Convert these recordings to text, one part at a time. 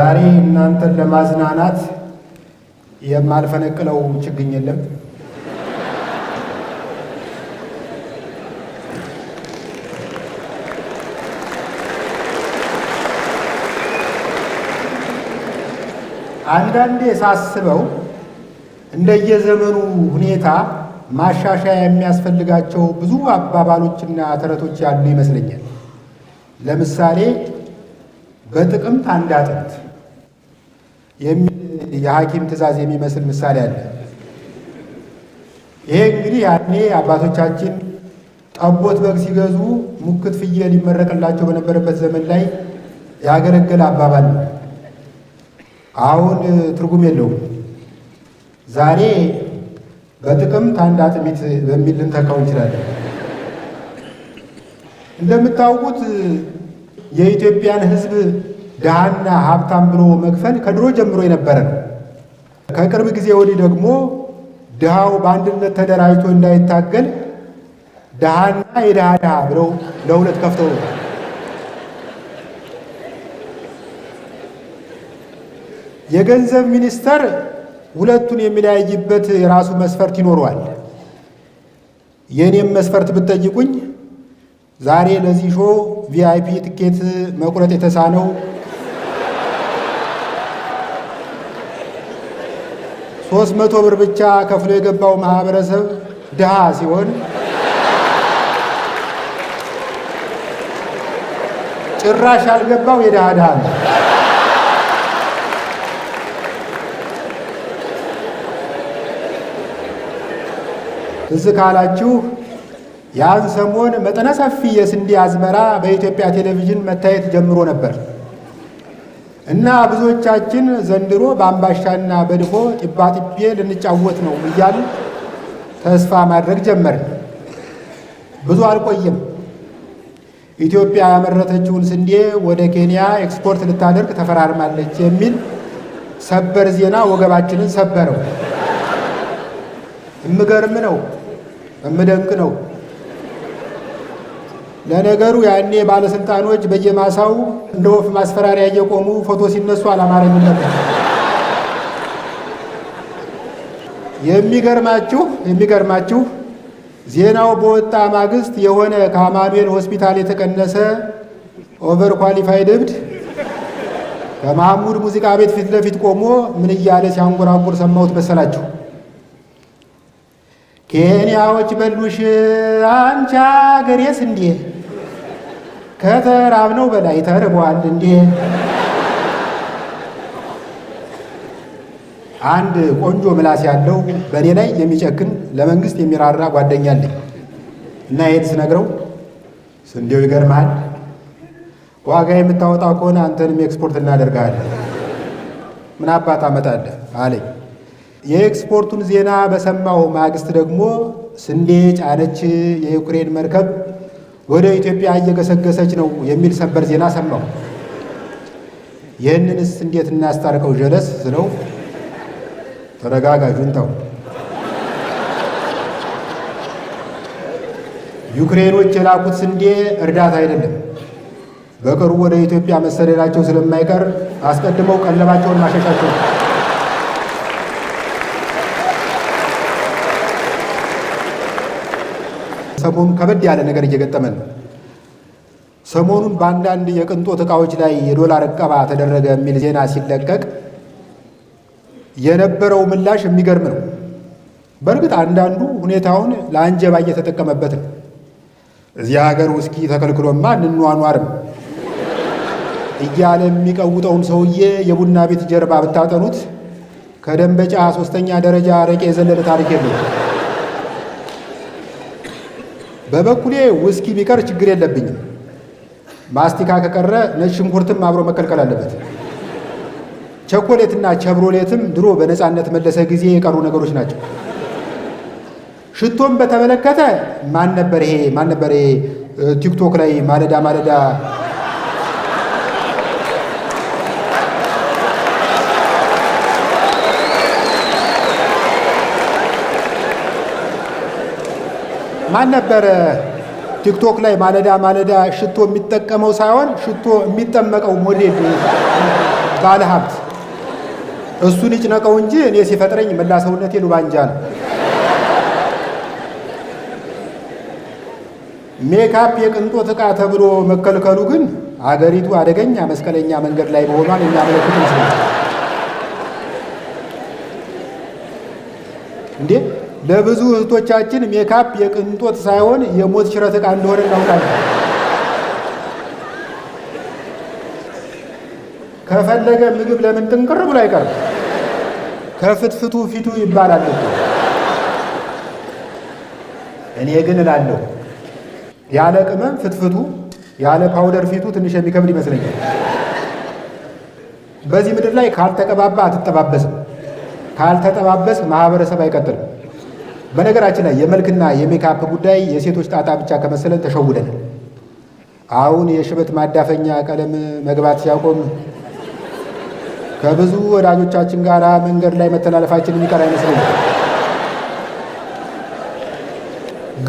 ዛሬ እናንተን ለማዝናናት የማልፈነቅለው ችግኝ የለም። አንዳንዴ ሳስበው እንደየዘመኑ ሁኔታ ማሻሻያ የሚያስፈልጋቸው ብዙ አባባሎችና ተረቶች ያሉ ይመስለኛል። ለምሳሌ በጥቅምት አንድ አጥንት የሚል የሐኪም ትእዛዝ የሚመስል ምሳሌ አለ። ይሄ እንግዲህ ያኔ አባቶቻችን ጠቦት በግ ሲገዙ ሙክት ፍየል ይመረቅላቸው በነበረበት ዘመን ላይ ያገለገለ አባባል ነው። አሁን ትርጉም የለውም። ዛሬ በጥቅምት አንድ አጥሚት በሚል ልንተካው እንችላለን። እንደምታውቁት የኢትዮጵያን ሕዝብ ድሃና ሀብታም ብሎ መክፈል ከድሮ ጀምሮ የነበረ ነው። ከቅርብ ጊዜ ወዲህ ደግሞ ድሃው በአንድነት ተደራጅቶ እንዳይታገል ድሃና የድሃ ድሃ ብለው ለሁለት ከፍተው ነው። የገንዘብ ሚኒስቴር ሁለቱን የሚለያይበት የራሱ መስፈርት ይኖረዋል። የእኔም መስፈርት ብትጠይቁኝ ዛሬ ለዚህ ሾ ቪአይፒ ትኬት መቁረጥ የተሳነው ሶስት መቶ ብር ብቻ ከፍሎ የገባው ማህበረሰብ ድሃ ሲሆን ጭራሽ ያልገባው የድሃ ድሃ ነው። ትዝ ካላችሁ ያን ሰሞን መጠነ ሰፊ የስንዴ አዝመራ በኢትዮጵያ ቴሌቪዥን መታየት ጀምሮ ነበር። እና ብዙዎቻችን ዘንድሮ በአምባሻና በድፎ ጥቤ ልንጫወት ነው እያሉ ተስፋ ማድረግ ጀመርን። ብዙ አልቆየም። ኢትዮጵያ ያመረተችውን ስንዴ ወደ ኬንያ ኤክስፖርት ልታደርግ ተፈራርማለች የሚል ሰበር ዜና ወገባችንን ሰበረው። እምገርም ነው፣ እምደንቅ ነው። ለነገሩ ያኔ ባለስልጣኖች በየማሳው እንደ ወፍ ማስፈራሪያ እየቆሙ ፎቶ ሲነሱ አላማረኝም ነበር። የሚገርማችሁ የሚገርማችሁ ዜናው በወጣ ማግስት የሆነ ከአማኑኤል ሆስፒታል የተቀነሰ ኦቨር ኳሊፋይድ እብድ ከመሐሙድ ሙዚቃ ቤት ፊት ለፊት ቆሞ ምን እያለ ሲያንጎራጉር ሰማሁት መሰላችሁ? ኬንያዎች በሉሽ አንቺ አገሬ ስንዴ ከተራብነው በላይ ተርቧል እንዴ? አንድ ቆንጆ ምላስ ያለው በእኔ ላይ የሚጨክን ለመንግስት የሚራራ ጓደኛ አለኝ እና ይሄን ስነግረው ስንዴው ይገርማል፣ ዋጋ የምታወጣ ከሆነ አንተንም ኤክስፖርት እናደርግሃለን፣ ምን አባት አመጣለህ አለኝ። የኤክስፖርቱን ዜና በሰማሁ ማግስት ደግሞ ስንዴ ጫነች የዩክሬን መርከብ ወደ ኢትዮጵያ እየገሰገሰች ነው የሚል ሰበር ዜና ሰማሁ። ይህንንስ እንዴት እናስታርቀው ጀለስ ስለው ተረጋጋ ጁንታው ዩክሬኖች የላኩት ስንዴ እርዳታ አይደለም። በቅርቡ ወደ ኢትዮጵያ መሰደዳቸው ስለማይቀር አስቀድመው ቀለባቸውን ማሸሻቸው ሰሞኑ ከበድ ያለ ነገር እየገጠመን ነው። ሰሞኑን በአንዳንድ የቅንጦት እቃዎች ላይ የዶላር እቀባ ተደረገ የሚል ዜና ሲለቀቅ የነበረው ምላሽ የሚገርም ነው። በእርግጥ አንዳንዱ ሁኔታውን ለአንጀባ እየተጠቀመበት ነው። እዚህ ሀገር ውስኪ ተከልክሎማ እንኗኗርም እያለ የሚቀውጠውን ሰውዬ የቡና ቤት ጀርባ ብታጠኑት ከደንበጫ ሶስተኛ ደረጃ ረቄ የዘለለ ታሪክ የለም። በበኩሌ ውስኪ ቢቀር ችግር የለብኝም። ማስቲካ ከቀረ ነጭ ሽንኩርትም አብሮ መከልከል አለበት። ቸኮሌትና ቸብሮሌትም ድሮ በነፃነት መለሰ ጊዜ የቀሩ ነገሮች ናቸው። ሽቶም በተመለከተ ማን ነበር ይሄ ማን ነበር ይሄ ቲክቶክ ላይ ማለዳ ማለዳ ማን ነበረ ቲክቶክ ላይ ማለዳ ማለዳ ሽቶ የሚጠቀመው ሳይሆን ሽቶ የሚጠመቀው ሞዴል ባለሀብት እሱን ይጭነቀው እንጂ እኔ ሲፈጥረኝ መላ ሰውነቴ ሉባንጃ ነው። ሜካፕ የቅንጦት እቃ ተብሎ መከልከሉ ግን አገሪቱ አደገኛ መስቀለኛ መንገድ ላይ መሆኗን የሚያመለክት ይመስላል እንዴ? ለብዙ እህቶቻችን ሜካፕ የቅንጦት ሳይሆን የሞት ሽረት ዕቃ እንደሆነ እናውቃለን። ከፈለገ ምግብ ለምን ጥንቅር ብሎ አይቀርም? ከፍትፍቱ ፊቱ ይባላል። እኔ ግን እላለሁ ያለ ቅመም ፍትፍቱ፣ ያለ ፓውደር ፊቱ ትንሽ የሚከብድ ይመስለኛል። በዚህ ምድር ላይ ካልተቀባባ አትጠባበስም፣ ካልተጠባበስ ማህበረሰብ አይቀጥልም። በነገራችን ላይ የመልክና የሜካፕ ጉዳይ የሴቶች ጣጣ ብቻ ከመሰለን ተሸውደናል። አሁን የሽበት ማዳፈኛ ቀለም መግባት ሲያቆም ከብዙ ወዳጆቻችን ጋር መንገድ ላይ መተላለፋችን የሚቀር አይመስለኝም።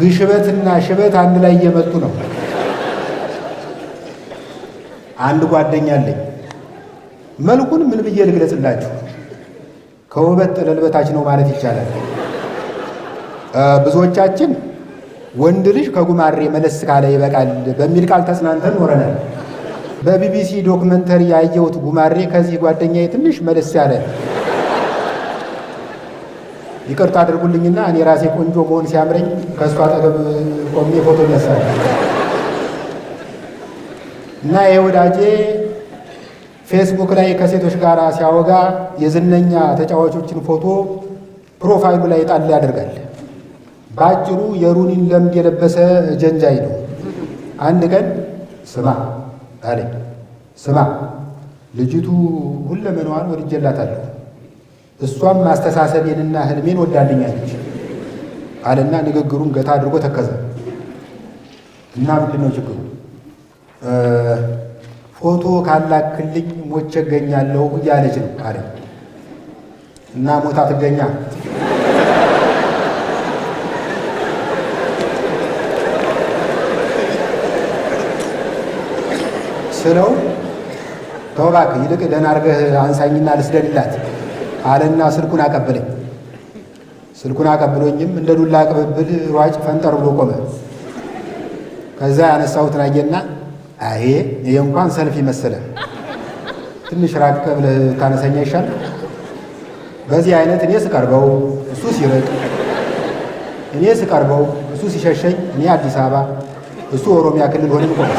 ግሽበትና ሽበት አንድ ላይ እየመጡ ነው። አንድ ጓደኛ አለኝ። መልኩን ምን ብዬ ልግለጽላችሁ? ከውበት ጥለል በታች ነው ማለት ይቻላል። ብዙዎቻችን ወንድ ልጅ ከጉማሬ መለስ ካለ ይበቃል በሚል ቃል ተጽናንተን ኖረናል። በቢቢሲ ዶክመንተሪ ያየሁት ጉማሬ ከዚህ ጓደኛዬ ትንሽ መለስ ያለ ይቅርታ አድርጉልኝና እኔ ራሴ ቆንጆ መሆን ሲያምረኝ ከእሷ አጠገብ ቆሜ ፎቶ ይነሳል እና ይሄ ወዳጄ ፌስቡክ ላይ ከሴቶች ጋር ሲያወጋ የዝነኛ ተጫዋቾችን ፎቶ ፕሮፋይሉ ላይ ጣል ያደርጋል። በአጭሩ የሩኒን ለምድ የለበሰ ጀንጃይ ነው። አንድ ቀን ስማ አለኝ፣ ስማ ልጅቱ ሁለመናዋን ወድጀላታለሁ፣ እሷም አስተሳሰቤንና ህልሜን ወዳልኛለች አለና ንግግሩን ገታ አድርጎ ተከዘ እና ምንድን ነው ችግሩ? ፎቶ ካላክልኝ ሞቼ እገኛለሁ እያለች ነው አለ እና ሞታ ትገኛ ስለው ተው እባክህ ይልቅ ደህና አድርገህ አንሳኝና ልስደድላት አለና ስልኩን አቀበለኝ። ስልኩን አቀብሎኝም እንደ ዱላ ቅብብል ሯጭ ፈንጠር ብሎ ቆመ። ከዛ ያነሳሁትን አየና አይ ይሄ እንኳን ሰልፍ ይመስለ ትንሽ ራቅ ብለህ ታነሰኛ ይሻል። በዚህ አይነት እኔ ስቀርበው እሱ ሲርቅ፣ እኔ ስቀርበው እሱ ሲሸሸኝ፣ እኔ አዲስ አበባ እሱ ኦሮሚያ ክልል ሆነን ቆመ።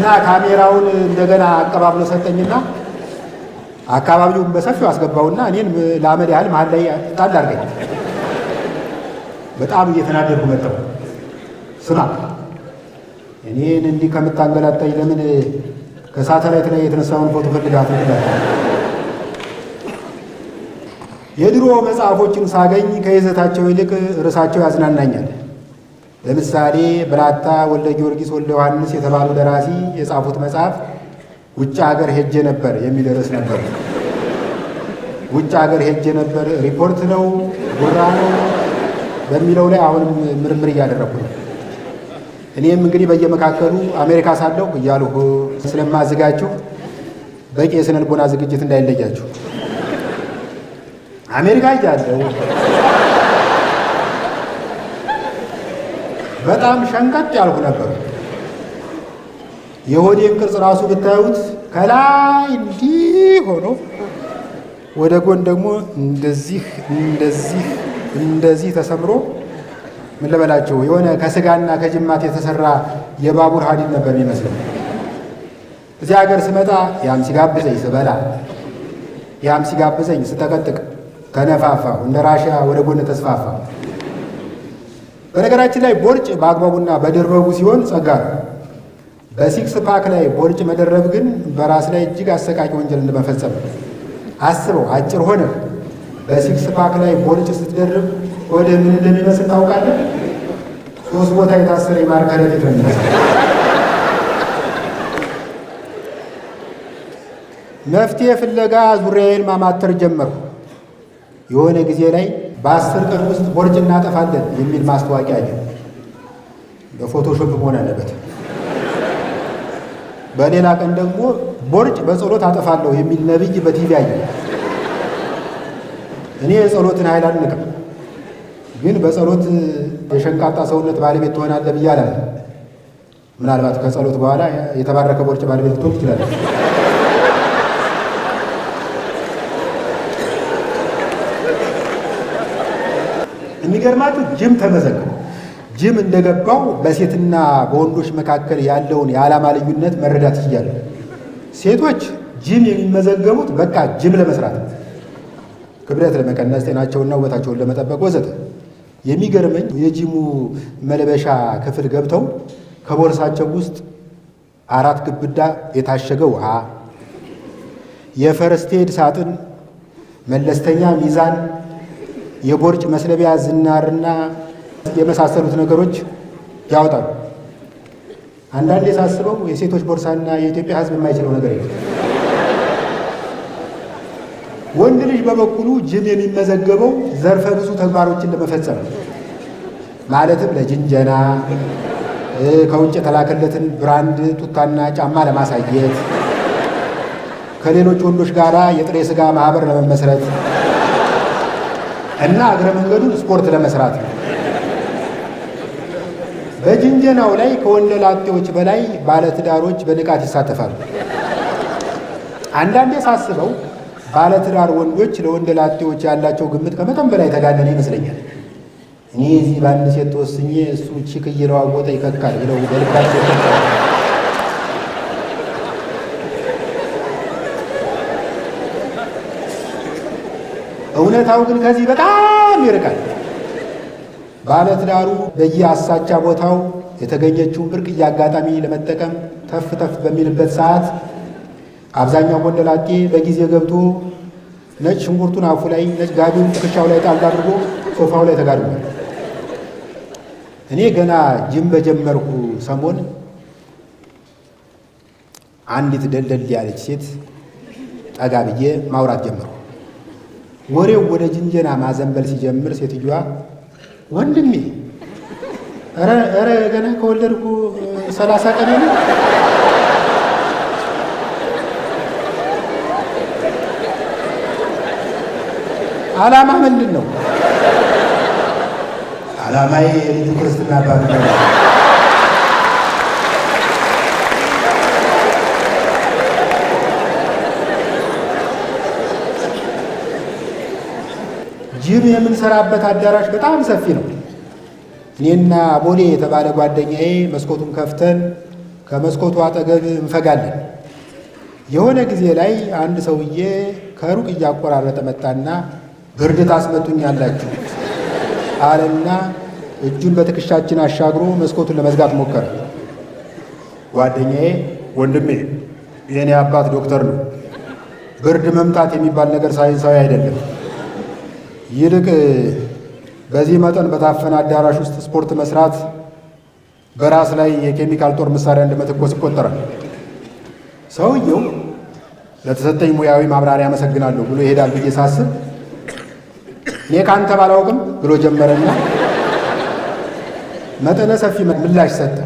እና ካሜራውን እንደገና አቀባብሎ ሰጠኝና አካባቢውን በሰፊው አስገባውና እኔን ለአመድ ያህል መሀል ላይ ጣል አድርገኝ። በጣም እየተናደድኩ መጣሁ። ስማ እኔን እንዲህ ከምታንገላታኝ ለምን ከሳተላይት ላይ የተነሳውን ፎቶ ፈልጋት የድሮ መጽሐፎችን ሳገኝ ከይዘታቸው ይልቅ ርዕሳቸው ያዝናናኛል። ለምሳሌ ብራታ ወልደ ጊዮርጊስ ወልደ ዮሐንስ የተባሉ ደራሲ የጻፉት መጽሐፍ ውጭ ሀገር ሄጄ ነበር የሚል ርዕስ ነበር። ውጭ ሀገር ሄጄ ነበር ሪፖርት ነው ጉራ ነው በሚለው ላይ አሁንም ምርምር እያደረኩ ነው። እኔም እንግዲህ በየመካከሉ አሜሪካ ሳለሁ እያልሁ ስለማዝጋችሁ በቂ የስነ ልቦና ዝግጅት እንዳይለያችሁ አሜሪካ እያለሁ በጣም ሸንቀጥ ያልኩ ነበር። የሆዴን ቅርጽ ራሱ ብታዩት ከላይ እንዲህ ሆኖ ወደ ጎን ደግሞ እንደዚህ እንደዚህ እንደዚህ ተሰምሮ ምን ልበላቸው የሆነ ከስጋና ከጅማት የተሰራ የባቡር ሀዲድ ነበር የሚመስለው። እዚህ ሀገር ስመጣ ያም ሲጋብዘኝ ስበላ፣ ያም ሲጋብዘኝ ስጠቀጥቅ ተነፋፋ፣ እንደ ራሽያ ወደ ጎን ተስፋፋ። በነገራችን ላይ ቦርጭ በአግባቡና በደረቡ ሲሆን ጸጋ ነው። በሲክስ ፓክ ላይ ቦርጭ መደረብ ግን በራስ ላይ እጅግ አሰቃቂ ወንጀል እንደመፈጸም አስበው፣ አጭር ሆነ። በሲክስ ፓክ ላይ ቦርጭ ስትደርብ ወደ ምን እንደሚመስል ታውቃለህ? ሶስት ቦታ የታሰረ የማር ከረጢት መፍትሄ ፍለጋ ዙሪያዬን ማማተር ጀመርኩ። የሆነ ጊዜ ላይ በአስር ቀን ውስጥ ቦርጭ እናጠፋለን የሚል ማስታወቂያ አየሁ። በፎቶሾፕ መሆን አለበት። በሌላ ቀን ደግሞ ቦርጭ በጸሎት አጠፋለሁ የሚል ነቢይ በቲቪ አየ። እኔ የጸሎትን ኃይል አልንቅም፣ ግን በጸሎት የሸንቃጣ ሰውነት ባለቤት ትሆናለህ ብዬ ምናልባት ከጸሎት በኋላ የተባረከ ቦርጭ ባለቤት ትሆን ትችላለህ። የሚገርማችሁ ጅም ተመዘገበ። ጅም እንደገባው በሴትና በወንዶች መካከል ያለውን የዓላማ ልዩነት መረዳት እያለ ሴቶች ጅም የሚመዘገቡት በቃ ጅም ለመስራት ክብደት ለመቀነስ፣ ጤናቸውና ውበታቸውን ለመጠበቅ ወዘተ። የሚገርመኝ የጂሙ መልበሻ ክፍል ገብተው ከቦርሳቸው ውስጥ አራት ግብዳ የታሸገ ውሃ፣ የፈርስቴድ ሳጥን፣ መለስተኛ ሚዛን የቦርጭ መስለቢያ ዝናርና የመሳሰሉት ነገሮች ያወጣሉ። አንዳንዴ ሳስበው የሴቶች ቦርሳና የኢትዮጵያ ሕዝብ የማይችለው ነገር የለም። ወንድ ልጅ በበኩሉ ጅም የሚመዘገበው ዘርፈ ብዙ ተግባሮችን ለመፈጸም ማለትም ለጅንጀና፣ ከውጭ የተላከለትን ብራንድ ቱታና ጫማ ለማሳየት፣ ከሌሎች ወንዶች ጋራ የጥሬ ስጋ ማህበር ለመመስረት እና እግረ መንገዱን ስፖርት ለመስራት ነው። በጅንጀናው ላይ ከወንደላጤዎች በላይ ባለትዳሮች በንቃት ይሳተፋሉ። አንዳንዴ ሳስበው ባለትዳር ወንዶች ለወንደላጤዎች ያላቸው ግምት ከመጠን በላይ የተጋነነ ይመስለኛል። እኔ እዚህ በአንድ ሴት ተወስኜ እሱ ቺክ እየለዋወጠ ይከካል ብለው በልባቸው እውነታው ግን ከዚህ በጣም ይርቃል። ባለትዳሩ በየአሳቻ ቦታው የተገኘችውን ብርቅዬ አጋጣሚ ለመጠቀም ተፍ ተፍ በሚልበት ሰዓት አብዛኛው ወንደላጤ በጊዜ ገብቶ ነጭ ሽንኩርቱን አፉ ላይ፣ ነጭ ጋቢውን ትከሻው ላይ ጣል አድርጎ ሶፋው ላይ ተጋድሟል። እኔ ገና ጅም በጀመርኩ ሰሞን አንዲት ደልደል ያለች ሴት ጠጋ ብዬ ማውራት ጀመርኩ። ወሬው ወደ ጅንጀና ማዘንበል ሲጀምር ሴትዮዋ ወንድሜ ኧረ ገና ከወለድኩ ሰላሳ ቀን ነው ዓላማ ምንድን ነው? ዓላማዬ የቤተ ክርስትና ነው። ይህ የምንሰራበት አዳራሽ በጣም ሰፊ ነው። እኔና ቦሌ የተባለ ጓደኛዬ መስኮቱን ከፍተን ከመስኮቱ አጠገብ እንፈጋለን። የሆነ ጊዜ ላይ አንድ ሰውዬ ከሩቅ እያቆራረጠ መጣና ብርድ ታስመቱኛላችሁ አለና እጁን በትከሻችን አሻግሮ መስኮቱን ለመዝጋት ሞከረ። ጓደኛዬ ወንድሜ፣ የእኔ አባት ዶክተር ነው፣ ብርድ መምጣት የሚባል ነገር ሳይንሳዊ አይደለም ይልቅ በዚህ መጠን በታፈነ አዳራሽ ውስጥ ስፖርት መስራት በራስ ላይ የኬሚካል ጦር መሳሪያ እንደመተኮስ ይቆጠራል። ሰውየው ለተሰጠኝ ሙያዊ ማብራሪያ አመሰግናለሁ ብሎ ይሄዳል ብዬ ሳስብ እኔ ከአንተ ባላውቅም ብሎ ጀመረና መጠነ ሰፊ ምላሽ ሰጠ።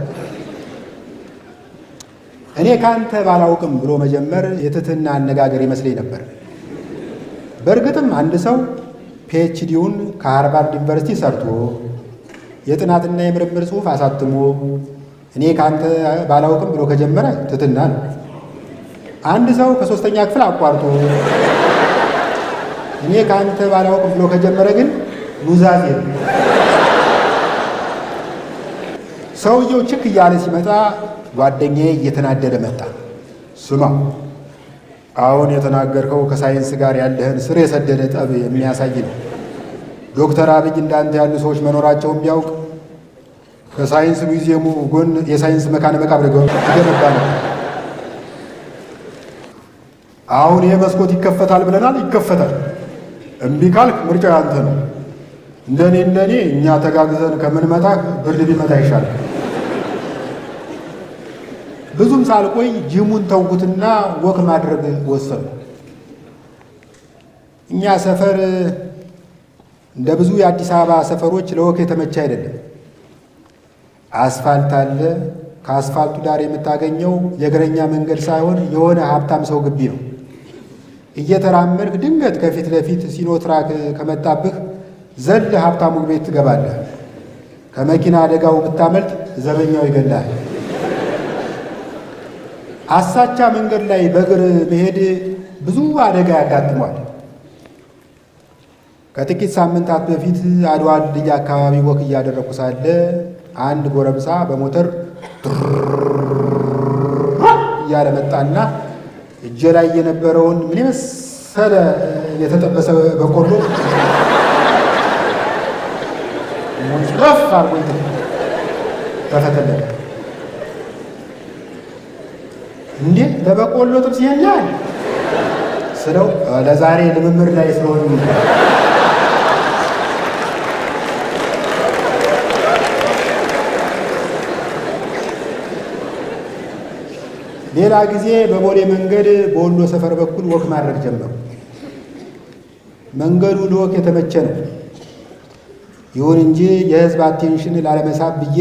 እኔ ከአንተ ባላውቅም ብሎ መጀመር የትህትና አነጋገር ይመስለኝ ነበር። በእርግጥም አንድ ሰው ፒኤችዲውን ከሃርቫርድ ዩኒቨርሲቲ ሰርቶ የጥናትና የምርምር ጽሑፍ አሳትሞ እኔ ከአንተ ባላውቅም ብሎ ከጀመረ ትትና ነው። አንድ ሰው ከሶስተኛ ክፍል አቋርጦ እኔ ከአንተ ባላውቅም ብሎ ከጀመረ ግን ኑዛዜ ነው። ሰውየው ችክ እያለ ሲመጣ ጓደኛዬ እየተናደደ መጣ። ስማ አሁን የተናገርከው ከሳይንስ ጋር ያለህን ስር የሰደደ ጠብ የሚያሳይ ነው ዶክተር አብይ እንዳንተ ያሉ ሰዎች መኖራቸውን ቢያውቅ ከሳይንስ ሙዚየሙ ጎን የሳይንስ መካነ መቃብር ይገነባ ነው። አሁን ይሄ መስኮት ይከፈታል ብለናል፣ ይከፈታል። እምቢ ካልክ ምርጫ ያንተ ነው። እንደኔ እንደኔ እኛ ተጋግዘን ከምንመጣ ብርድ ቢመጣ ይሻላል። ብዙም ሳልቆይ ጅሙን ተውኩትና ወክ ማድረግ ወሰኑ። እኛ ሰፈር እንደ ብዙ የአዲስ አበባ ሰፈሮች ለወክ የተመቸ አይደለም። አስፋልት አለ። ከአስፋልቱ ዳር የምታገኘው የእግረኛ መንገድ ሳይሆን የሆነ ሀብታም ሰው ግቢ ነው። እየተራመድክ ድንገት ከፊት ለፊት ሲኖትራክ ከመጣብህ ዘል ሀብታሙ ቤት ትገባለህ። ከመኪና አደጋው ብታመልጥ ዘበኛው ይገላል። አሳቻ መንገድ ላይ በእግር መሄድ ብዙ አደጋ ያጋጥሟል። ከጥቂት ሳምንታት በፊት አድዋ ድልድይ አካባቢ ወክ እያደረኩ ሳለ አንድ ጎረምሳ በሞተር እያለ መጣና እጄ ላይ የነበረውን ምን የመሰለ የተጠበሰ በቆሎ ሞጭለፍ አርጎኝ ተፈተለለ። እንዴ ለበቆሎ ጥብስ ይሄን ያህል ስለው ለዛሬ ልምምድ ላይ ስለሆን ሌላ ጊዜ በቦሌ መንገድ በወሎ ሰፈር በኩል ወክ ማድረግ ጀመሩ። መንገዱ ለወክ የተመቸ ነው። ይሁን እንጂ የህዝብ አቴንሽን ላለመሳብ ብዬ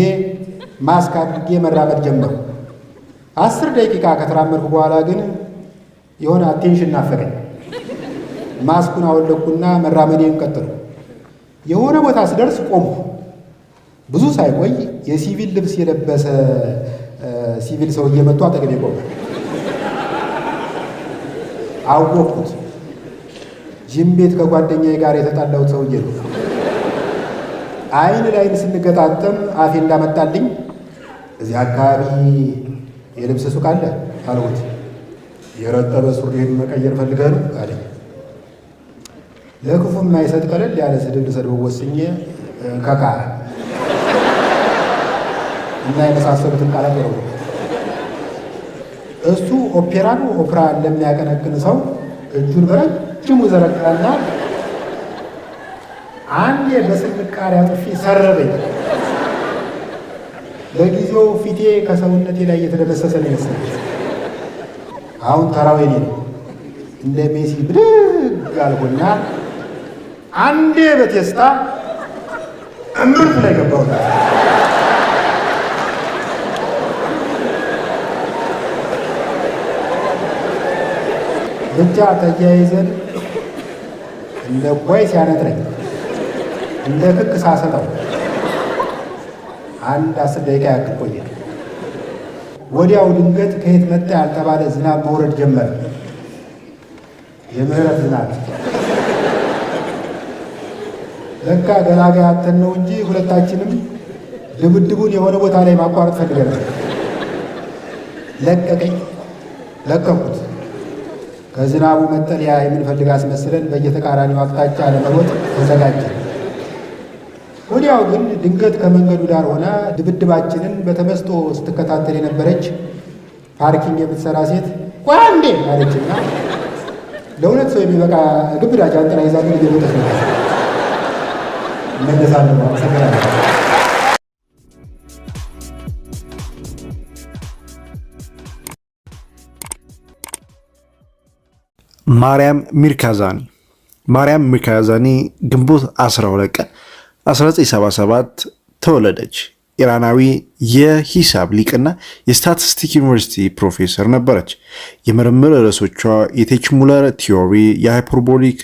ማስክ አድርጌ መራመድ ጀመሩ። አስር ደቂቃ ከተራመድኩ በኋላ ግን የሆነ አቴንሽን ናፈቀኝ። ማስኩን አወለኩና መራመዴን ቀጥሉ። የሆነ ቦታ ስደርስ ቆምኩ። ብዙ ሳይቆይ የሲቪል ልብስ የለበሰ ሲቪል ሰው እየመጡ አጠገቤ ቆመ። አወቅኩት። ጅም ቤት ከጓደኛዬ ጋር የተጣላሁት ሰውዬ ነው። አይን ላይን ስንገጣጠም አፌ እንዳመጣልኝ እዚህ አካባቢ የልብስ ሱቅ አለ አልሁት። የረጠበ ሱሪን መቀየር ፈልገህ ነው አለኝ። ለክፉ የማይሰጥ ቀለል ያለ ስድብ ልሰድበው ወስኜ ከካ እና የመሳሰሉትን ቃላት ነው እሱ ኦፔራን ኦፕራ ለሚያቀነቅን ሰው እጁን በረጅሙ ዘረጋና አንዴ በስንቃሪ አጥፊ ሰረበኝ። በጊዜው ፊቴ ከሰውነቴ ላይ እየተደመሰሰ ነው ይመስል። አሁን ተራው የኔ ነው። እንደ ሜሲ ብድግ አልኩና አንዴ በቴስታ እምርት ላይ ገባሁታል። ብቻ ተያይዘን እንደ ጓይ ሲያነጥረኝ እንደ ክክ ሳሰጠው አንድ አስር ደቂቃ ያክል ቆየ። ወዲያው ድንገት ከየት መጣ ያልተባለ ዝናብ መውረድ ጀመረ። የምህረት ዝናብ ለካ ገላጋ ያተን ነው እንጂ ሁለታችንም ድብድቡን የሆነ ቦታ ላይ ማቋረጥ ፈልገናል። ለቀቀኝ፣ ለቀቁት። ከዝናቡ መጠለያ የምንፈልግ አስመስለን በየተቃራኒው አቅጣጫ ለመሮጥ ተዘጋጀ። ወዲያው ግን ድንገት ከመንገዱ ዳር ሆና ድብድባችንን በተመስጦ ስትከታተል የነበረች ፓርኪንግ የምትሰራ ሴት ቋንዴ አለችና ለሁለት ሰው የሚበቃ ግብዳ ጃንጥላ ግን እየሮጠች ነው መለሳለሁ። አመሰግናለሁ። ማርያም ሚርካዛኒ ማርያም ሚርካዛኒ ግንቦት 12 ቀን 1977 ተወለደች። ኢራናዊ የሂሳብ ሊቅና የስታቲስቲክ ዩኒቨርሲቲ ፕሮፌሰር ነበረች። የምርምር ርዕሶቿ የቴችሙለር ቲዮሪ፣ የሃይፐርቦሊክ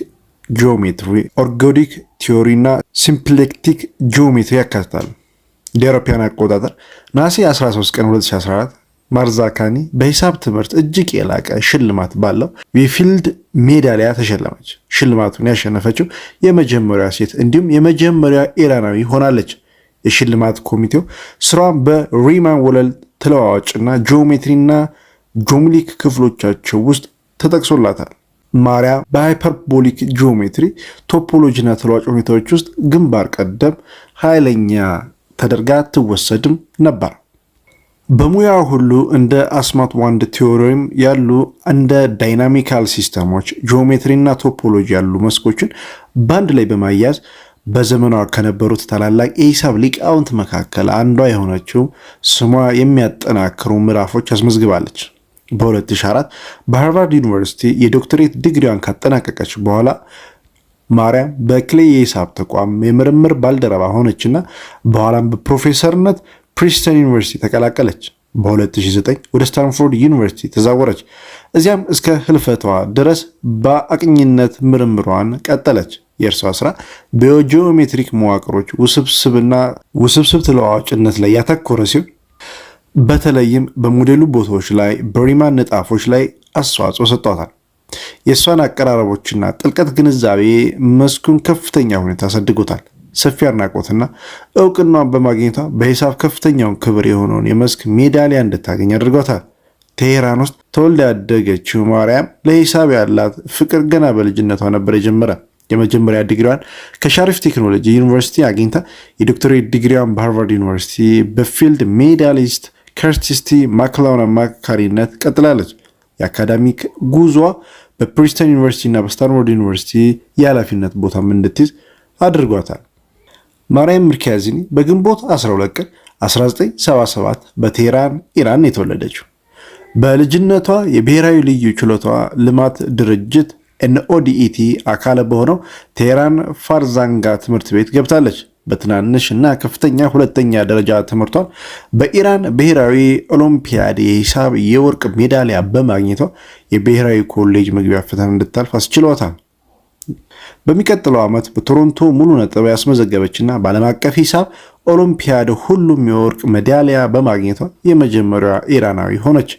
ጂኦሜትሪ፣ ኦርጎዲክ ቲዮሪ እና ሲምፕሌክቲክ ጂኦሜትሪ ያካትታል። እንደ አቆጣጠር ነሐሴ 13 ቀን 2014 ማርዛካኒ በሂሳብ ትምህርት እጅግ የላቀ ሽልማት ባለው የፊልድ ሜዳሊያ ተሸለመች። ሽልማቱን ያሸነፈችው የመጀመሪያ ሴት እንዲሁም የመጀመሪያ ኢራናዊ ሆናለች። የሽልማት ኮሚቴው ስራዋን በሪማን ወለል ተለዋዋጭና ጂኦሜትሪና ጆምሊክ ክፍሎቻቸው ውስጥ ተጠቅሶላታል። ማሪያ በሃይፐርቦሊክ ጂኦሜትሪ ቶፖሎጂና ተለዋጭ ሁኔታዎች ውስጥ ግንባር ቀደም ኃይለኛ ተደርጋ ትወሰድም ነበር። በሙያ ሁሉ እንደ አስማት ዋንድ ቲዎሪም ያሉ እንደ ዳይናሚካል ሲስተሞች ጂኦሜትሪና ቶፖሎጂ ያሉ መስኮችን በአንድ ላይ በማያዝ በዘመኗ ከነበሩት ታላላቅ የሂሳብ ሊቃውንት መካከል አንዷ የሆነችው ስሟ የሚያጠናክሩ ምዕራፎች አስመዝግባለች። በ2004 በሃርቫርድ ዩኒቨርሲቲ የዶክትሬት ዲግሪዋን ካጠናቀቀች በኋላ ማርያም በክሌ የሂሳብ ተቋም የምርምር ባልደረባ ሆነችና በኋላም በፕሮፌሰርነት ፕሪንስተን ዩኒቨርሲቲ ተቀላቀለች። በ2009 ወደ ስታንፎርድ ዩኒቨርሲቲ ተዛወረች። እዚያም እስከ ህልፈቷ ድረስ በአቅኝነት ምርምሯን ቀጠለች። የእርሷ ስራ በጂኦሜትሪክ መዋቅሮች ውስብስብና ውስብስብ ተለዋዋጭነት ላይ ያተኮረ ሲሆን በተለይም በሞዴሉ ቦታዎች ላይ በሪማን ንጣፎች ላይ አስተዋጽኦ ሰጥቷታል። የእሷን አቀራረቦችና ጥልቀት ግንዛቤ መስኩን ከፍተኛ ሁኔታ አሳድጎታል። ሰፊ አድናቆትና እውቅናዋን በማግኘቷ በሂሳብ ከፍተኛውን ክብር የሆነውን የመስክ ሜዳሊያ እንድታገኝ አድርጓታል። ቴሄራን ውስጥ ተወልዳ ያደገችው ማርያም ለሂሳብ ያላት ፍቅር ገና በልጅነቷ ነበር የጀመረ። የመጀመሪያ ዲግሪዋን ከሻሪፍ ቴክኖሎጂ ዩኒቨርሲቲ አግኝታ የዶክተሬት ዲግሪዋን በሃርቫርድ ዩኒቨርሲቲ በፊልድ ሜዳሊስት ከርቲስቲ ማክላውን አማካሪነት ቀጥላለች። የአካዳሚክ ጉዟ በፕሪስተን ዩኒቨርሲቲ እና በስታንፎርድ ዩኒቨርሲቲ የኃላፊነት ቦታም እንድትይዝ አድርጓታል። ማርያም ምርኪያዚኒ በግንቦት 12 ቀን 1977 በቴህራን ኢራን የተወለደችው። በልጅነቷ የብሔራዊ ልዩ ችሎቷ ልማት ድርጅት ኤንኦዲኢቲ አካል በሆነው ቴህራን ፋርዛንጋ ትምህርት ቤት ገብታለች። በትናንሽ እና ከፍተኛ ሁለተኛ ደረጃ ትምህርቷን በኢራን ብሔራዊ ኦሎምፒያድ የሂሳብ የወርቅ ሜዳሊያ በማግኘቷ የብሔራዊ ኮሌጅ መግቢያ ፈተና እንድታልፍ አስችሏታል። በሚቀጥለው ዓመት በቶሮንቶ ሙሉ ነጥብ ያስመዘገበችና በዓለም አቀፍ ሂሳብ ኦሎምፒያድ ሁሉም የወርቅ ሜዳሊያ በማግኘቷ የመጀመሪያዋ ኢራናዊ ሆነች።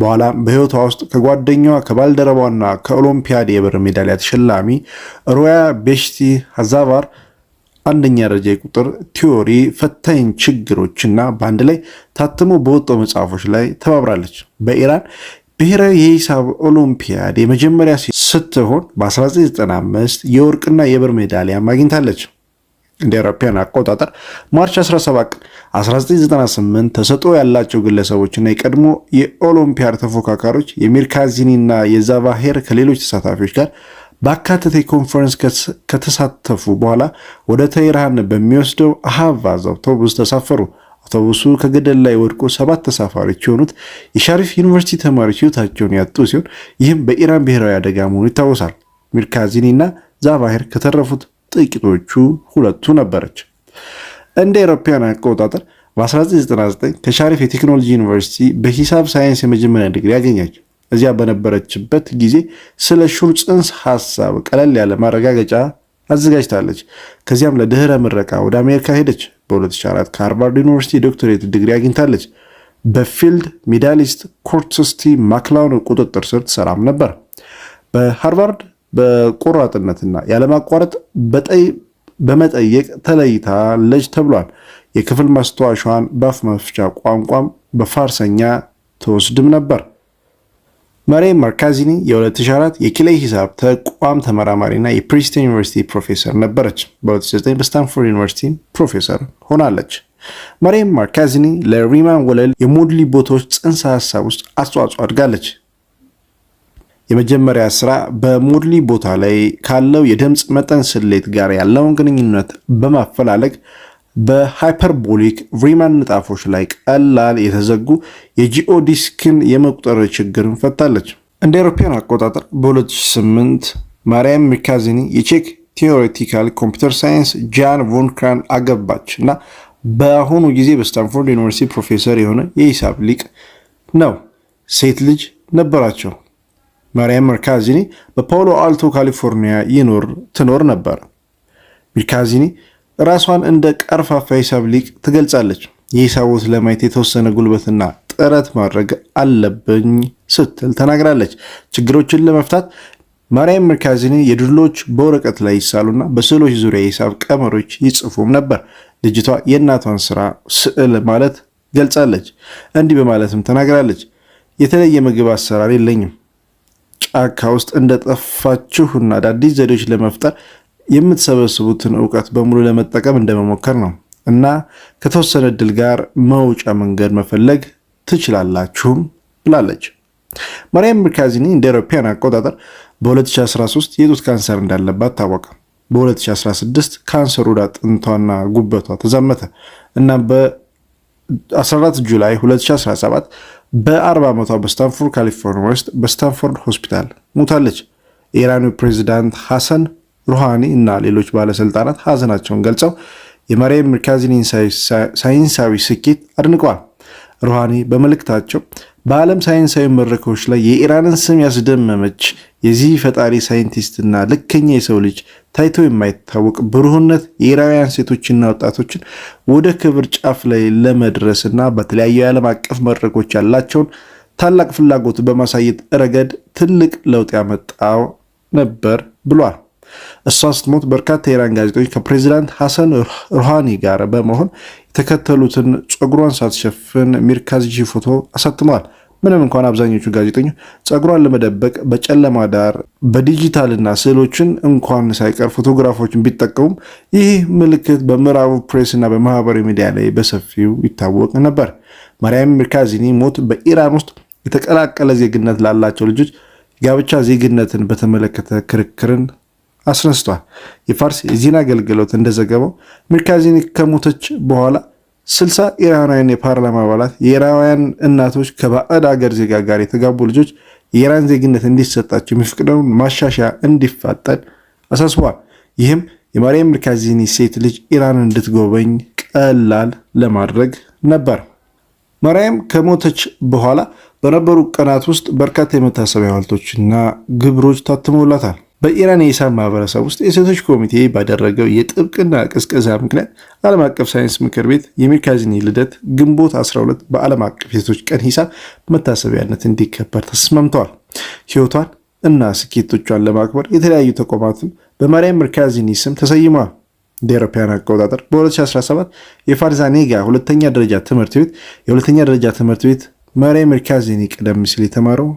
በኋላም በሕይወቷ ውስጥ ከጓደኛዋ ከባልደረባዋና ከኦሎምፒያድ የብር ሜዳሊያ ተሸላሚ ሮያ ቤሽቲ ሀዛቫር አንደኛ ደረጃ የቁጥር ቲዮሪ ፈታኝ ችግሮችና በአንድ ላይ ታትሞ በወጣው መጽሐፎች ላይ ተባብራለች። በኢራን ብሔራዊ የሂሳብ ኦሎምፒያድ የመጀመሪያ ስትሆን በ1995 የወርቅና የብር ሜዳሊያ ማግኝታለች። እንደ አውሮፓውያን አቆጣጠር ማርች 17 ቀን 1998 ተሰጥኦ ያላቸው ግለሰቦችና የቀድሞ የኦሎምፒያድ ተፎካካሪዎች የሚርካዚኒና የዛቫሄር ከሌሎች ተሳታፊዎች ጋር ባካተተ ኮንፈረንስ ከተሳተፉ በኋላ ወደ ተይራን በሚወስደው አህቫዝ አውቶቡስ ተሳፈሩ። አውቶቡሱ ከገደል ላይ ወድቆ ሰባት ተሳፋሪዎች የሆኑት የሻሪፍ ዩኒቨርሲቲ ተማሪዎች ህይወታቸውን ያጡ ሲሆን ይህም በኢራን ብሔራዊ አደጋ መሆኑ ይታወሳል። ሚርካዚኒ እና ዛቫሄር ከተረፉት ጥቂቶቹ ሁለቱ ነበረች። እንደ አውሮፓውያን አቆጣጠር በ1999 ከሻሪፍ የቴክኖሎጂ ዩኒቨርሲቲ በሂሳብ ሳይንስ የመጀመሪያ ዲግሪ ያገኛቸው። እዚያ በነበረችበት ጊዜ ስለ ሹር ሀሳብ ቀለል ያለ ማረጋገጫ አዘጋጅታለች። ከዚያም ለድህረ ምረቃ ወደ አሜሪካ ሄደች። በ2004 ከሃርቫርድ ዩኒቨርሲቲ ዶክተሬት ዲግሪ አግኝታለች። በፊልድ ሜዳሊስት ኮርትስቲ ማክላውን ቁጥጥር ስር ትሰራም ነበር። በሃርቫርድ በቆራጥነትና ያለማቋረጥ በመጠየቅ ተለይታለች ተብሏል። የክፍል ማስታወሻዋን በአፍ መፍቻ ቋንቋም በፋርሰኛ ትወስድም ነበር። መሪም መርካዚኒ የ2004 የኪላይ ሂሳብ ተቋም ተመራማሪና የፕሪንስተን ዩኒቨርሲቲ ፕሮፌሰር ነበረች። በ2009 በስታንፎርድ ዩኒቨርሲቲ ፕሮፌሰር ሆናለች። መሬም ማርካዚኒ ለሪማን ወለል የሞድሊ ቦታዎች ጽንሰ ሀሳብ ውስጥ አስተዋጽኦ አድጋለች። የመጀመሪያ ስራ በሞድሊ ቦታ ላይ ካለው የድምፅ መጠን ስሌት ጋር ያለውን ግንኙነት በማፈላለግ በሃይፐርቦሊክ ሪማን ንጣፎች ላይ ቀላል የተዘጉ የጂኦዲስክን የመቁጠር ችግርን ፈታለች። እንደ አውሮፓውያን አቆጣጠር በ2008 ማርያም ሚካዚኒ የቼክ ቴዎሬቲካል ኮምፒውተር ሳይንስ ጃን ቮንክራን አገባች እና በአሁኑ ጊዜ በስታንፎርድ ዩኒቨርሲቲ ፕሮፌሰር የሆነ የሂሳብ ሊቅ ነው። ሴት ልጅ ነበራቸው። ማርያም ሚርካዚኒ በፓውሎ አልቶ ካሊፎርኒያ ይኖር ትኖር ነበር። ሚካዚኒ ራሷን እንደ ቀርፋፋ ሂሳብ ሊቅ ትገልጻለች። የሂሳቦት ለማየት የተወሰነ ጉልበትና ጥረት ማድረግ አለብኝ ስትል ተናግራለች። ችግሮችን ለመፍታት ማርያም ምርካዚኒ የዱሎች በወረቀት ላይ ይሳሉና በስዕሎች ዙሪያ የሂሳብ ቀመሮች ይጽፉም ነበር። ልጅቷ የእናቷን ስራ ስዕል ማለት ገልጻለች። እንዲህ በማለትም ተናግራለች። የተለየ ምግብ አሰራር የለኝም። ጫካ ውስጥ እንደጠፋችሁና አዳዲስ ዘዴዎች ለመፍጠር የምትሰበስቡትን እውቀት በሙሉ ለመጠቀም እንደመሞከር ነው እና ከተወሰነ እድል ጋር መውጫ መንገድ መፈለግ ትችላላችሁም ብላለች። ማርያም ምርካዚኒ እንደ አውሮፓውያን አቆጣጠር በ2013 የጡት ካንሰር እንዳለባት ታወቀ። በ2016 ካንሰሩ ወደ አጥንቷና ጉበቷ ተዛመተ እና በ14 ጁላይ 2017 በ40 ዓመቷ በስታንፎርድ ካሊፎርኒያ ውስጥ በስታንፎርድ ሆስፒታል ሞታለች። የኢራኑ ፕሬዚዳንት ሐሰን ሩሃኒ እና ሌሎች ባለስልጣናት ሀዘናቸውን ገልጸው የመርየም መርካዚኒን ሳይንሳዊ ስኬት አድንቀዋል። ሩሃኒ በመልእክታቸው በዓለም ሳይንሳዊ መድረኮች ላይ የኢራንን ስም ያስደመመች የዚህ ፈጣሪ ሳይንቲስትና ልከኛ የሰው ልጅ ታይቶ የማይታወቅ ብሩህነት የኢራውያን ሴቶችና ወጣቶችን ወደ ክብር ጫፍ ላይ ለመድረስና በተለያዩ የዓለም አቀፍ መድረኮች ያላቸውን ታላቅ ፍላጎት በማሳየት ረገድ ትልቅ ለውጥ ያመጣው ነበር ብሏል። እሷ ስትሞት በርካታ የኢራን ጋዜጦች ከፕሬዚዳንት ሐሰን ሩሃኒ ጋር በመሆን የተከተሉትን ፀጉሯን ሳትሸፍን ሚርካዚቺ ፎቶ አሳትመዋል። ምንም እንኳን አብዛኞቹ ጋዜጠኞች ፀጉሯን ለመደበቅ በጨለማ ዳር በዲጂታልና ስዕሎችን እንኳን ሳይቀር ፎቶግራፎችን ቢጠቀሙም ይህ ምልክት በምዕራቡ ፕሬስና በማህበራዊ ሚዲያ ላይ በሰፊው ይታወቅ ነበር። ማርያም ሚርካዚኒ ሞት በኢራን ውስጥ የተቀላቀለ ዜግነት ላላቸው ልጆች የጋብቻ ዜግነትን በተመለከተ ክርክርን አስነስቷል። የፋርስ የዜና አገልግሎት እንደዘገበው ሚርካዚኒ ከሞተች በኋላ ስልሳ ኢራናውያን የፓርላማ አባላት የኢራናውያን እናቶች ከባዕድ አገር ዜጋ ጋር የተጋቡ ልጆች የኢራን ዜግነት እንዲሰጣቸው የሚፈቅደውን ማሻሻያ እንዲፋጠን አሳስቧል። ይህም የማርያም ሚርካዚኒ ሴት ልጅ ኢራን እንድትጎበኝ ቀላል ለማድረግ ነበር። ማርያም ከሞተች በኋላ በነበሩ ቀናት ውስጥ በርካታ የመታሰቢያ ሐውልቶችና ግብሮች ታትሞላታል። በኢራን የሂሳብ ማህበረሰብ ውስጥ የሴቶች ኮሚቴ ባደረገው የጥብቅና ቅዝቀዛ ምክንያት ዓለም አቀፍ ሳይንስ ምክር ቤት የሚር ልደት ግንቦት 12 በዓለም አቀፍ የሴቶች ቀን ሂሳብ መታሰቢያነት እንዲከበር ተስማምተዋል። ሕይወቷን እና ስኬቶቿን ለማክበር የተለያዩ ተቋማትም በማርያም ምርካዚኒ ስም ተሰይመዋል። እንደ አውሮፓውያን አቆጣጠር በ2017 የፋርዛኔጋ ሁለተኛ ደረጃ ትምህርት ቤት የሁለተኛ ደረጃ ትምህርት ቤት ማርያም ምርካዚኒ ቀደም ሲል የተማረው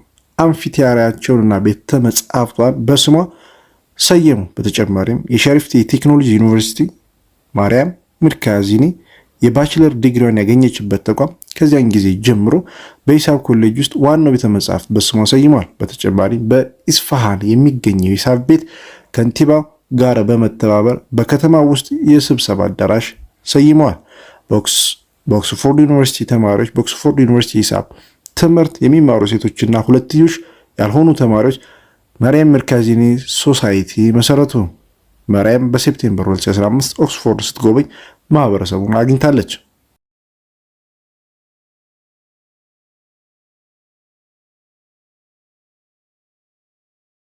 አምፊቲያራቸውንና ቤተ መጻሕፍቷን በስሟ ሰየሙ። በተጨማሪም የሸሪፍት የቴክኖሎጂ ዩኒቨርሲቲ ማርያም ምርካዚኒ የባችለር ዲግሪዋን ያገኘችበት ተቋም ከዚያን ጊዜ ጀምሮ በሂሳብ ኮሌጅ ውስጥ ዋናው ቤተ መጻሕፍት በስሟ ሰይሟል። በተጨማሪም በኢስፋሃን የሚገኘው ሂሳብ ቤት ከንቲባ ጋር በመተባበር በከተማ ውስጥ የስብሰባ አዳራሽ ሰይመዋል። በኦክስፎርድ ዩኒቨርሲቲ ተማሪዎች በኦክስፎርድ ዩኒቨርሲቲ ሂሳብ ትምህርት የሚማሩ ሴቶችና ሁለትዮሽ ያልሆኑ ተማሪዎች መርያም መርካዚኒ ሶሳይቲ መሰረቱ። መርያም በሴፕቴምበር 2015 ኦክስፎርድ ስትጎበኝ ማህበረሰቡን አግኝታለች።